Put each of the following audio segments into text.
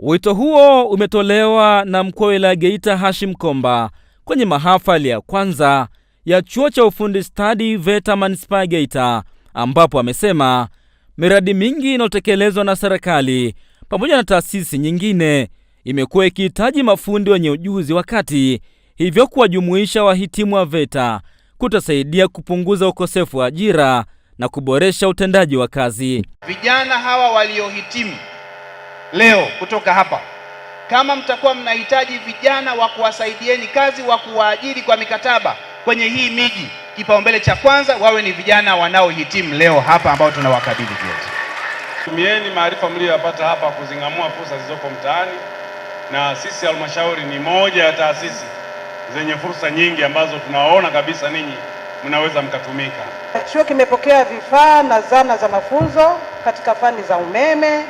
Wito huo umetolewa na mkuu wa wilaya Geita Hashim Komba kwenye mahafali ya kwanza ya chuo cha ufundi stadi VETA manispaa Geita, ambapo amesema miradi mingi inayotekelezwa na serikali pamoja na taasisi nyingine imekuwa ikihitaji mafundi wenye ujuzi wa kati, hivyo kuwajumuisha wahitimu wa VETA kutasaidia kupunguza ukosefu wa ajira na kuboresha utendaji wa kazi. Vijana hawa waliohitimu leo kutoka hapa, kama mtakuwa mnahitaji vijana wa kuwasaidieni kazi wa kuwaajiri kwa mikataba kwenye hii miji, kipaumbele cha kwanza wawe ni vijana wanaohitimu leo hapa ambao tunawakabidhi vyeti. Tumieni maarifa mliyoyapata hapa kuzing'amua fursa zilizopo mtaani, na sisi halmashauri ni moja ya taasisi zenye fursa nyingi ambazo tunawaona kabisa ninyi mnaweza mkatumika. Chuo kimepokea vifaa na zana za mafunzo katika fani za umeme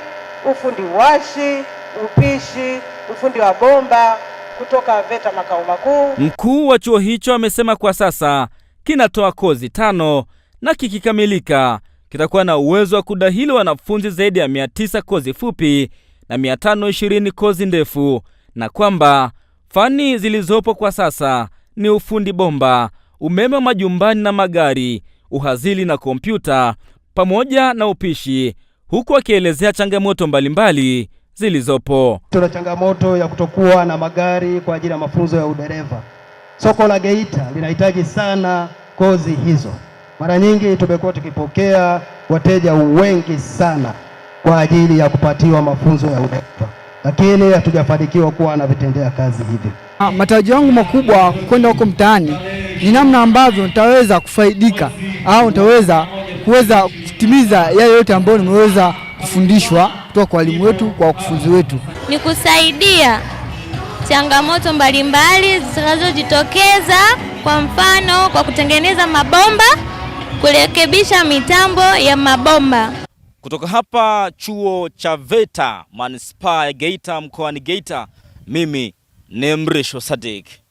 ufundi washi, upishi, ufundi wa bomba kutoka VETA makao makuu. Mkuu wa chuo hicho amesema kwa sasa kinatoa kozi tano na kikikamilika kitakuwa na uwezo wa kudahili wanafunzi zaidi ya tisa kozi fupi na 520 kozi ndefu, na kwamba fani zilizopo kwa sasa ni ufundi bomba, umeme wa majumbani na magari, uhazili na kompyuta pamoja na upishi huku akielezea changamoto mbalimbali zilizopo. Tuna changamoto ya kutokuwa na magari kwa ajili ya mafunzo ya udereva. Soko la Geita linahitaji sana kozi hizo. Mara nyingi tumekuwa tukipokea wateja wengi sana kwa ajili ya kupatiwa mafunzo ya udereva, lakini hatujafanikiwa kuwa na vitendea kazi hivi. Ah, matarajio yangu makubwa kwenda huko mtaani ni namna ambavyo nitaweza kufaidika au nitaweza kuweza kutimiza yale yote ambayo nimeweza kufundishwa kutoka kwa walimu wetu, kwa wakufunzi wetu, ni kusaidia changamoto mbalimbali zinazojitokeza, kwa mfano kwa kutengeneza mabomba, kurekebisha mitambo ya mabomba. Kutoka hapa chuo cha VETA manispaa ya Geita mkoani Geita, mimi ni Mrisho Sadiki.